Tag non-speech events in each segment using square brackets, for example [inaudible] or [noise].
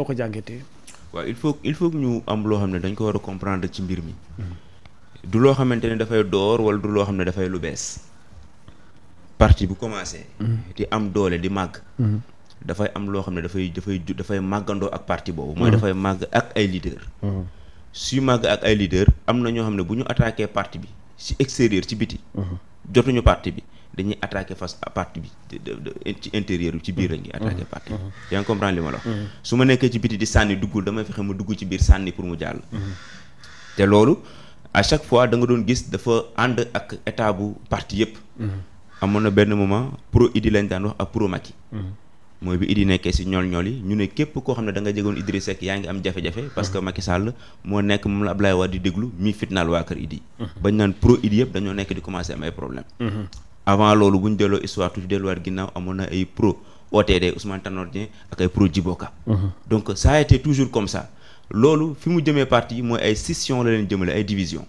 boo ko jàngatee. waaw il faut il faut ñu am loo xam ne dañ ko war a comprendre ci mbir mi. du loo xamante ne dafay door wala du loo xam ne dafay lu bees. partie bu commencé. di am doole di màgg. dafay am loo xam ne dafay dafay dafay màggandoo ak parti boobu. mooy dafay màgg ak ay leader. suy màgg ak ay leader am na ñoo xam ne bu ñu attaqué parti bi ci extérieur ci biti. jotuñu parti bi dañuy attaqué face à parti bi ci intérieur bi ci biir la ñuy attaqué parti bi mmh. Mmh. yaa ngi comprendre li mmh. su ma nekkee ci biti di sànni duggul damay fexe ma dugg ci biir sànni pour mu jàll te loolu à chaque fois danga doon gis dafa ànd ak état bu parti yëpp amoon na benn moment pro Idi lañ daan wax ak pro Macky mooy bi Idi nekkee si ñool ñool yi ñu ne képp koo xam ne da nga jegoon Idrissa Seck yaa ngi am jafe-jafe parce que moo nekk moom la Abdoulaye Wade di déglu mi fitnaal waa kër Idi bañ naan pro Idi yëpp dañoo nekk di commencé amoon na ay pro OTD Ousmane Tanor Dieng ak ay pro Djiboka donc ça a été toujours comme ça loolu fi mu jëmee parti yi mooy ay scission la leen jëmale ay division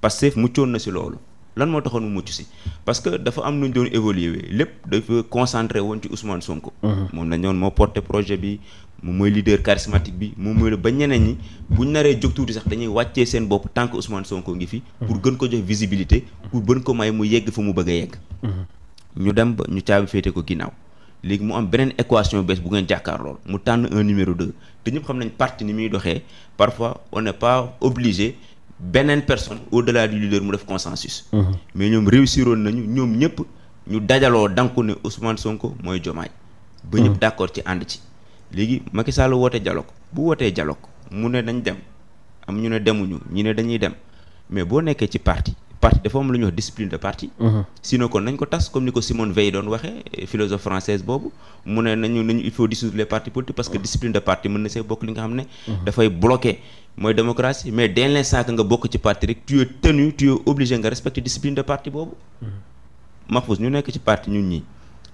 Pastef muccoon na si loolu lan moo taxoon mu mucc si parce que dafa am nu ñu doon évoluer lépp dafa concentré woon ci Ousmane Sonko. Mhm. moom la ñu moo porté projet bi moom mooy leader charismatique bi moom mooy ba ñeneen ñi bu naree jóg tuuti sax dañuy wàccee seen bopp tànk que Sonko ngi fi. Mhm. pour gën ko jox visibilité pour gën ko may mu yegg fa mu bëgg a yegg. Mhm. ñu dem ba ñu caabi féete ko ginnaaw léegi mu am beneen équation bees bu ngeen jàkkaar lool mu tànn un numéro de te ñëpp xam nañ parti ni muy doxee parfois on n'est pas obligé. beneen personne au delà du leader mu def consensus. Mhm. mais ñoom réussiroon nañu ñoom ñëpp ñu dajaloo danku ne Ousmane Sonko mooy Jomaay. ba ñëpp mhm. d'accord ci ànd ci. léegi Macky Sall woote dialogue bu wootee dialogue mu ne dañ dem am ñu ne demuñu ñu ne dañuy dem mais boo nekkee ci partie parti dafa am lu ñuy wax discipline de parti. Mhm. sinon kon nañ ko tas comme ni ko Simone Veil doon waxee philosophe française boobu mu ne nañu nañu il faut dissoudre les partis politiques parce que mhm. discipline de parti mën na see bokk li nga xam ne. Mhm. dafay bloqué mooy démocratie mais dès l'instant nga bokk ci parti rek tu tenu tu obligé nga respecter discipline de parti boobu. Mahfouz ñu nekk ci parti ñun ñii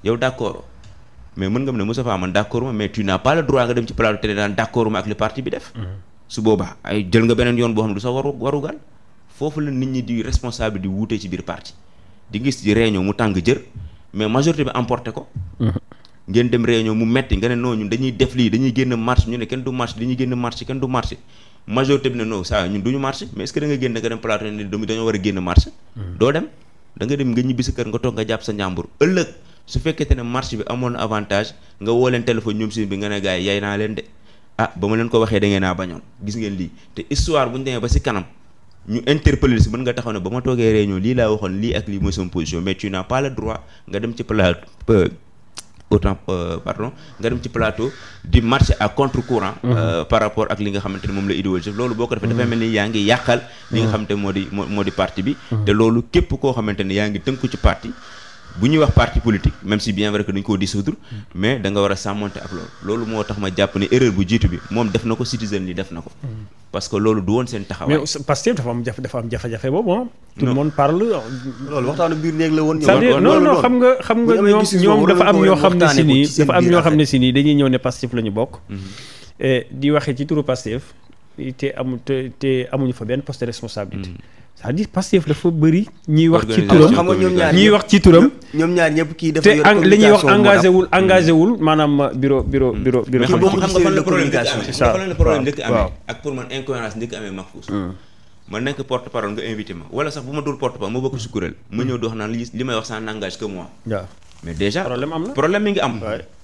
yow d'accord mais mën nga mu ne Moustapha man d'accord foofu la nit ñi di responsable di wuutee ci biir parti di gis di réunion mu tàng jër mais majorité bi emporté ko mm-hmm. ngeen dem réunion mu metti nga ne non ñun dañuy def lii dañuy génn marche ñu ne kenn du marche dañuy génn marche du marche majorité bi ne non saa ñun duñu marche mais est-ce que da nga génn nga dem plateau ne dañoo war a génn marche mm-hmm. doo dem da nga dem nga ñibbi sa kër nga toog nga jàpp sa njàmbur ëllëg su fekkente ne marche bi amoon avantage nga woo leen téléphone ñoom si bi nga ne gars yi leen de ah ba ma leen ko gis ngeen lii te ba si kanam ñu interpeller mën nga taxaw ne ba ma toogee réunion lii laa waxoon lii ak lii mooy sama position mais tu n'as pas droit nga dem ci plateau autant euh, pardon nga dem ci plateau di marcher à contre-courant mhm. euh, par rapport ak li nga xamante ne moom la idéologie loolu boo ko defee dafay mhm. mel ni yaa ngi yàqal li nga mhm. xamante moo di moo moo di parti bi te loolu képp koo xamante ni yaa ngi tënku ci parti bu ñuy wax parti politique même si bien vrai que dañu koo dissoudre mais danga war a sàmmonte ak moo tax ma jàpp ne erreur bu jiitu bi moom def na ko citoyen li def na ko parce que loolu du woon seen taxawaay. mais Pastef dafa am jafe dafa am jafe-jafe boobu ah. tout parle. loolu waxtaanu biir néeg la woon. c'est-à-dire non non dafa am ñoo xam ne si nii xam ne si nii dañuy ñëw ne Pastef la ñu bokk. Mhm. Eh, di waxee ci turu Pastef te amu te amuñu fa benn poste de responsabilité. Mhm. sa à dire Pastef dafa bëri ñuy wax ci turam ñoom ñaar ñuy wax ci turam ñoom ñaar ñëpp kii dafa yor te li ñuy wax engagé wul engagé wul maanaam bureau bureau mm. bureau bureau xam nga fan la problème ndëkk amee ak pour man incohérence ndëkk amee Mahfouz mm. ma nekk porte parole nga invité ma wala sax bu ma dul porte parole ma bokk si kuréel ma ñëw di wax naan li may wax sans engage que moi mais déjà problème am na problème mi ngi am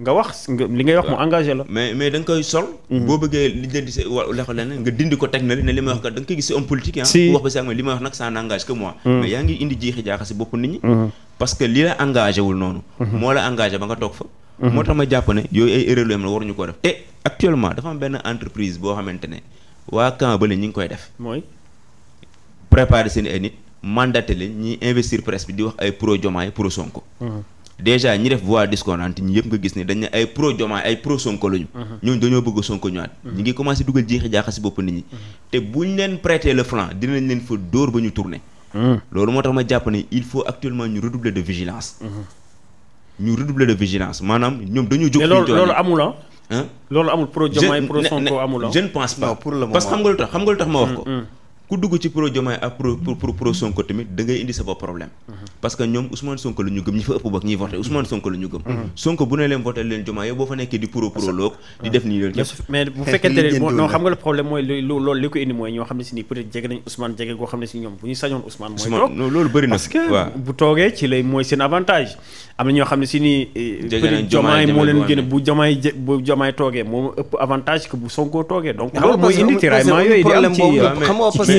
nga wax li ngay wax mu engagé la. mais mais da koy sol. Mhm. boo bëggee li leen di wax leneen nga dindi ko teg na ne li may wax kat da nga koy gis si homme politique ah. si wax ba sax li nag ça n'engage que moi. Mhm. yaa ngi indi jiixi jaaxa bopp nit ñi. Mhm. parce li la engagé wul noonu. moo la engagé ba nga toog fa. moo tax ma jàpp ne yooyu ay erreur la yoo xam ne waruñu koo def te actuellement dafa am benn entreprise boo xamante ne waa camp bële ñi ngi koy def. mooy préparer seen ay nit mandaté leen ñiy investir presse bi di wax ay pro Diomaye pro Sonko. déjà ñi def voix discordante ñi yëpp nga gis ne dañ ne ay pro Diomaye ay pro Sonko lañu mhm. ñooñu dañoo bëgg Sonko ñëwaat mhm. ñi ngi commencé dugal jeexi jaaxa si bopp nit ñi mhm. te buñ leen prêter le flanc dinañ leen fa dóor ba ñu tourner loolu moo tax ma jàpp ne il faut actuellement ñu redoubler de vigilance ñu redoubler de vigilance maanaam ñoom dañu jóg loolu amul loolu amul pro Diomaye pro xam nga lu tax xam nga lu tax ma wax ko mm, mm. ku dugg ci pro Diomaye ak pro pro pro Sonko tamit da ngay indi sa bopp problème. Mhm. parce que ñoom Ousmane Sonko la ñu gëm ñi fa ëpp bokk ñiy voté Ousmane Sonko la ñu gëm. Mhm. Sonko bu ne leen voté leen Diomaye yow boo fa nekkee di pro pro loog. di def nii loolu képp mais bu fekkente ne non xam nga le problème mooy li loolu li ko indi mooy ñoo xam ne si nii peut être jege nañ Ousmane jege goo xam ne si ñoom bu ñu sañoon Ousmane. mooy toog loolu bëri na parce que bu toogee ci lay mooy seen avantage. am na ñoo xam ne si nii eh, Diomaye moo leen gën bu Diomaye bu Diomaye toogee moo ëpp avantage que bu Sonko toogee donc loolu mooy indi tiraillement yooyu di am ci xam nga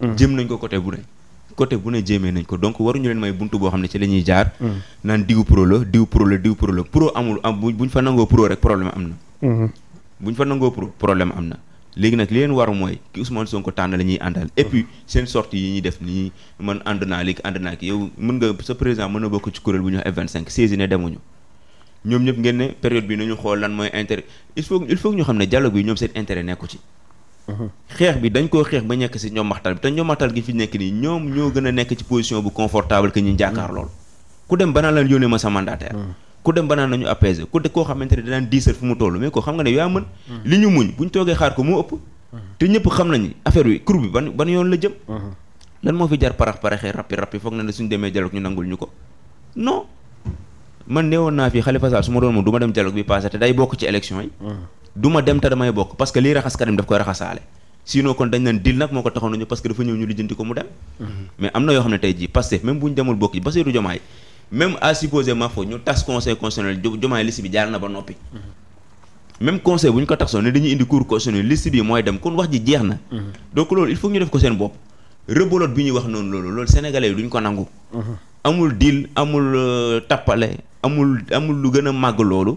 jéem mm. nañ ko côté bu ne côté bu ne jéemee nañ ko donc waruñu leen may buntu boo xam ne ci la ñuy jaar mm. naan diw pro la diw pro la diw pro la pro amul am buñ fa nangoo pro rek problème am na mm-hmm. buñ fa nangoo pro problème am na léegi nag li leen war mooy ki Ousmane Sonko tànn la ñuy àndal et puis mm-hmm. seen sortie yi ñuy def nii man ànd naa léegi ànd naa ki yow mën nga sa président mën na bokk ci kuréel bu ñu wax F25 saisi ne demuñu ñoom ñëpp ngeen ne période bi nañu xool lan mooy intérêt il faut il faut ñu xam ne dialogue bi ñoom seen intérêt nekku ci xeex bi dañ koo xeex ba nekk si ñoom maxtal bi te ñoom maxtal gi fi nekk nii ñoom ñoo gën a nekk ci position bu confortable que ñu jàkkaar lool ku dem banaa la yónnee ma sa mandataire mm. ku dem banaan nañu apaiser ku de koo xamante ne danaan diisal fu mu toll mais ko xam nga ne yaa mën mm. li ñu muñ xaar ko mm. ñëpp xam nañu affaire bi courbe bi ban ban yoon la jëm mm-hmm. lan moo fi jar parax paraxee rappi rappi foog na ne suñ demee dialogue ñu nangul ñu ko no man neewoon naa fii Khalifa Sall su ma doon moom du dem dialogue bi passé te day bokk ci élection duma ma dem te damay bokk parce que lii raxas Karim daf koy raxasaale sinon kon dañ naan dil nag moo ko taxoon nañu parce dafa ñëw ñu lijjanti ko mu dem mhm. mais am na yoo xam ne tey jii Pastef même bu ñu demul bokk ji Bassirou Diomaye même à supposer ma fa ñu tas conseil constitutionnel Diomaye liste bi jaar na ba noppi mhm. même conseil bu ñu ko taxoon ne dañuy indi cour constitutionnel liste bi mooy dem kon wax ji jeex na mhm. donc loolu il faut ñu def ko seen bopp rebelote bi ñuy wax noonu loolu loolu sénégalais yi duñ ko nangu amul dil amul euh, tappale amul amul lu gën a màgg loolu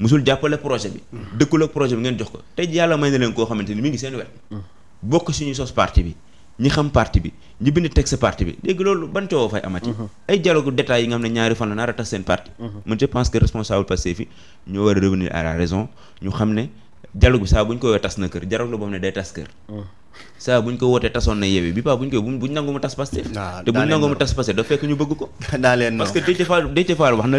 musul jàppale projet bi. dëkkul ak projet bi ngeen jox ko tey yàlla may na leen koo xamante ni mi ngi seen wet. bokk suñu sos parti bi ñi xam parti bi ñi bind teg sa parti bi léegi loolu mhm. a tas seen mhm. war a revenir à raison ñu xam ne dialogue bi saa bu ñu ko woowee tas na kër dialogue la boo xam ne day tas kër. Mhm. saa bu ñu ko wootee tasoon na yeewi bi paa bu ñu koy bu ñu nangu mu tas Pastef. Ah, te bu ñu nangu mu tas Pastef da fekk ñu bëgg ko. [laughs] parce que Déthié Fall Déthié Fall wax na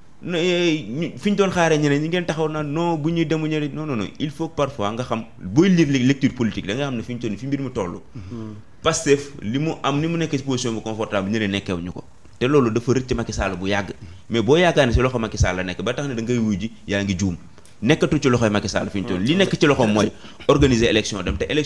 fi ñu doon xaaree ñeneen ñi ngeen taxaw naa no bu ñuy demu ñeneen non non non il faut parfois nga xam booy lire lecture politique da nga xam ne fi ñu toll fi mbir mu toll. Mm-hmm. Pastef li mu am ni mu nekk ci position bu confortable ñeneen ñu ko. te loolu dafa rëcc Macky Sall bu yàgg mais boo yaakaar ne si loxo Macky Sall la nekk ba tax ne da ngay wuy ji yaa ngi juum nekkatu ci loxo Macky Sall fi ñu toll li nekk ci loxo mooy organiser élection dem te élection.